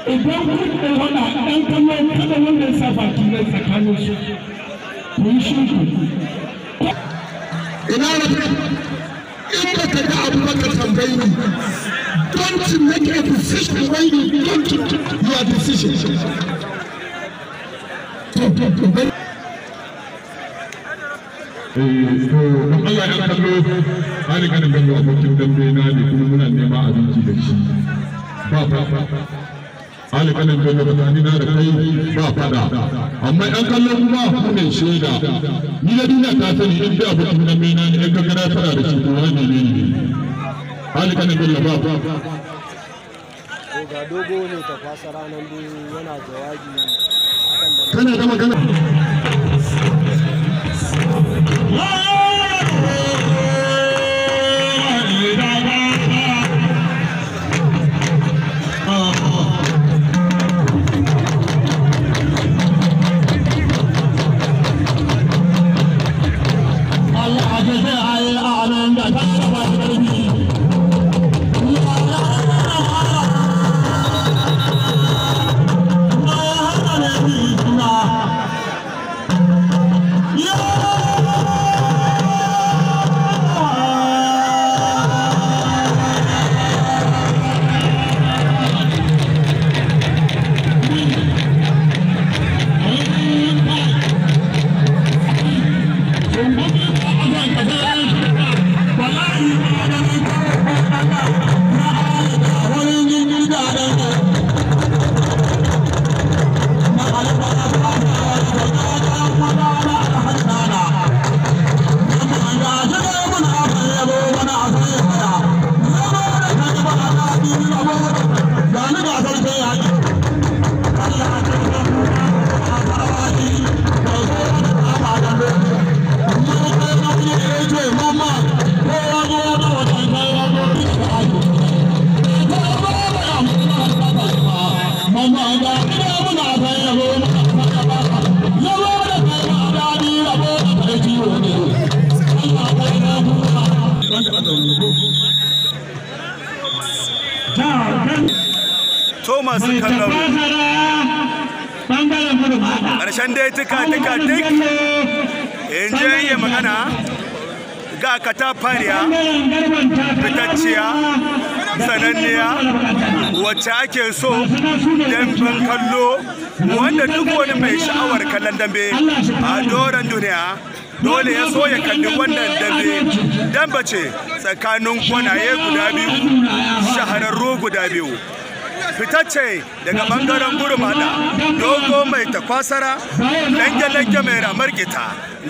idan kun da ya sa baki nan tsakanin su ku yi shinku ina da ka ga abu maka tambayi don't you make a decision when you don't your decision don Allah ya kallo hali kanin gano abokin dambe na ne kuma muna nema abinci da shi ba ba ba Ali kanin bello na da kai ba fada amma yan kallon kuma ku ne shaida ni da duniya ta sani in da abokin nan mena ne in ka gara tara da shi ko wani ne ne kanin bello ba ba ga dogo ne ta fasa ranar yana jawabi kana da magana ƙarshen dai tuka tuka duk in je yi magana ga katafariya fitacciya sananniya wacce ake so dambin kallo wanda duk wani mai sha'awar kallon dambe a doron duniya dole ya so ya kalli wannan dambe damba ce tsakanin kwanaye guda biyu shahararru guda biyu fitacce daga bangaren gurmada dogo mai takwasara lange-lange mai ramar gita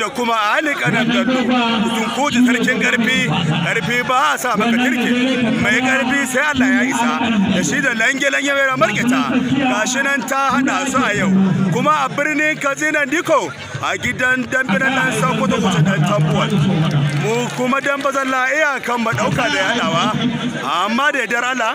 da kuma ali kanan gaddo tunkuji sarkin karfi karfi ba a sa maka kirki mai karfi sai allah ya isa da shi da lange-lange mai ramar gita gashi nan ta hada su a yau kuma a birnin kazina diko a gidan dambinan nan sakuta kusa dan tambuwal mu kuma dan bazan iyakan ba dauka da yadawa amma da yadar allah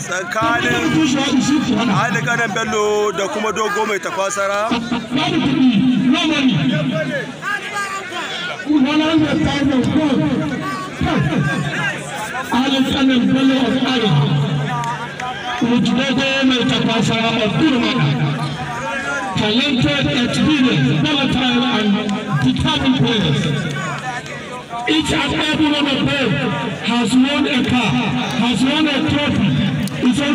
tsakanin Ali Bello da kuma Dogo mai tafasara. Ali Kanan Bello of Ali. With Dogo mai tafasara Talented, experienced, volatile and determined players. Each and every one of them has won a car, has won a trophy, in san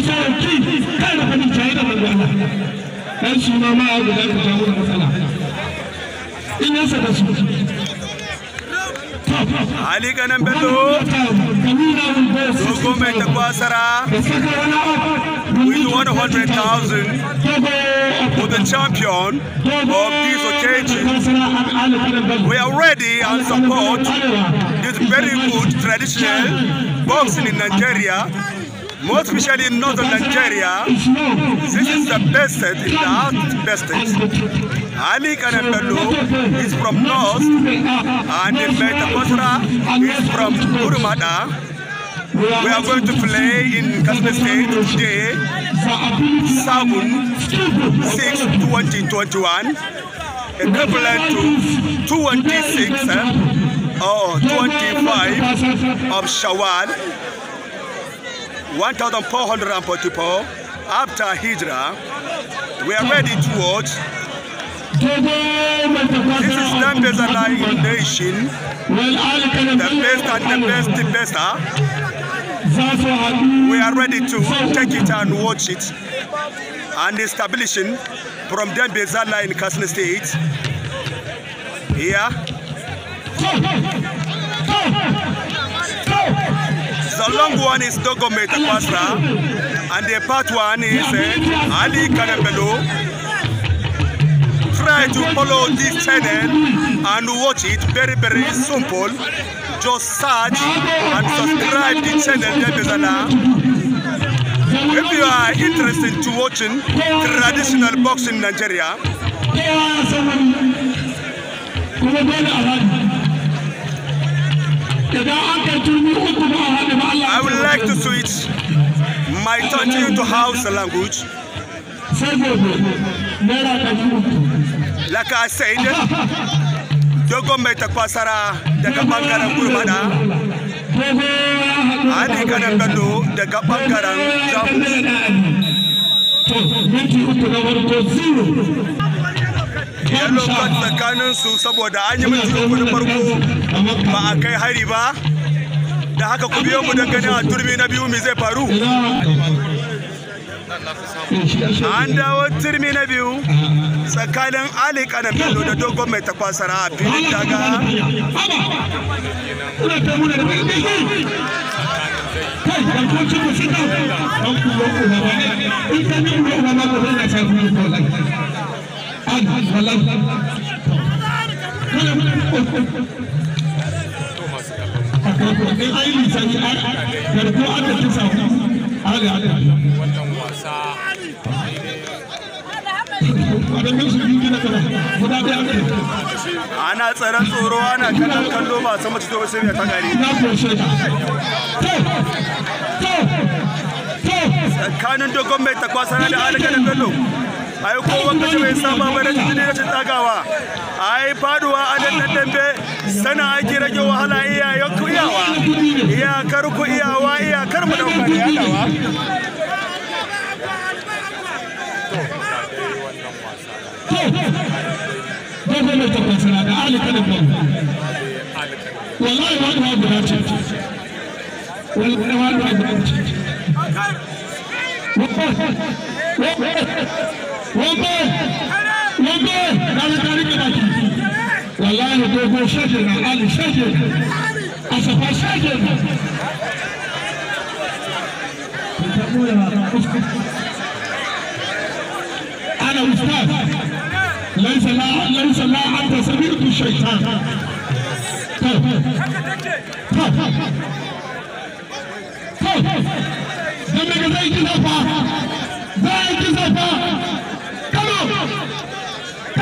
Ali kanan bello 100,000 for the champion of this occasion. We are ready and support this very good traditional boxing in Nigeria more especially in northern Nigeria, this is the best set the hardest best state. Ali Kanembelu is from north, and Metakosra is from Urumada. We are going to play in Kasme State today, 7, 6, 2021, equivalent to 26 eh? or 25 of Shawwal. 1444 after Hijrah, we are ready to watch. This is them as a nation, the best and the best, the best. We are ready to take it and watch it and establishing from Dembezala in Kasne State. Here. long one is Dogo Metapasra, and the part one is uh, Ali Kanebelo. Try to follow this channel and watch it very, very simple. Just search and subscribe the channel Debezana. If you are interested to watching traditional boxing in Nigeria, I would like to switch my country to house language. Like I said, Jogo mai takwasara daga bangaren gurmada, Hadi kanan Bello daga bangaren Jamus. yellow card tsakanin su saboda an yi mutu uku farko ba a kai hari ba da haka ku biyo mu don ganin a turmi na biyu zai faru an dawo turmi na biyu tsakanin ali kanan bello da dogon mai takwasara a filin daga Kai, ana tsaron tsoro ana kanan kallo ba sama ci tobe sai ta gari tsakanin dogon mai takwasa da alƙalin kallo ai kowan kace bai saba ba da jini da tsagawa ai faduwa a dandan dambe sana ake rage wahala iyayen ku iyawa iyakar ku iyawa iyakar mu dauka da yadawa wallahi wani ma guda ce Wani wani ma guda ce وانطر وانطر على طريق باتي والله دوغو شجر علي شجر أصفى شجر أنا أستاذ ليس لا ليس لا أنت سمير الشيطان طب طب طب لما قضيت زفا زايد زفا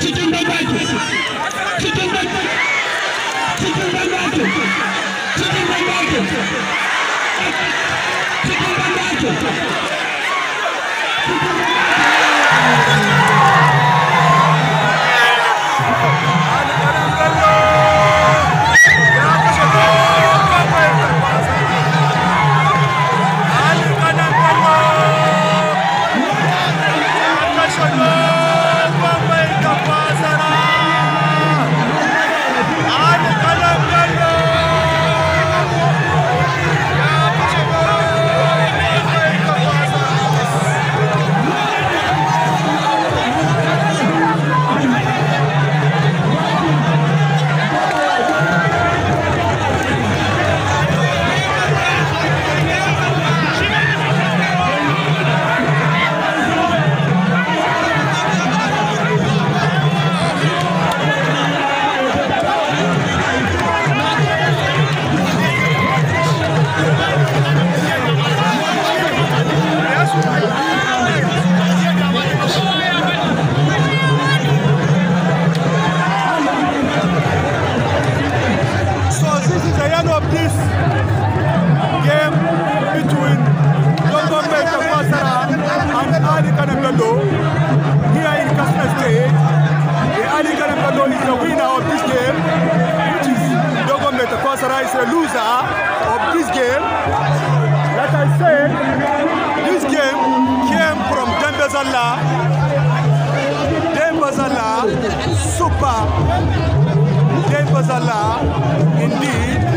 cikin cikin Papa gave us Allah indeed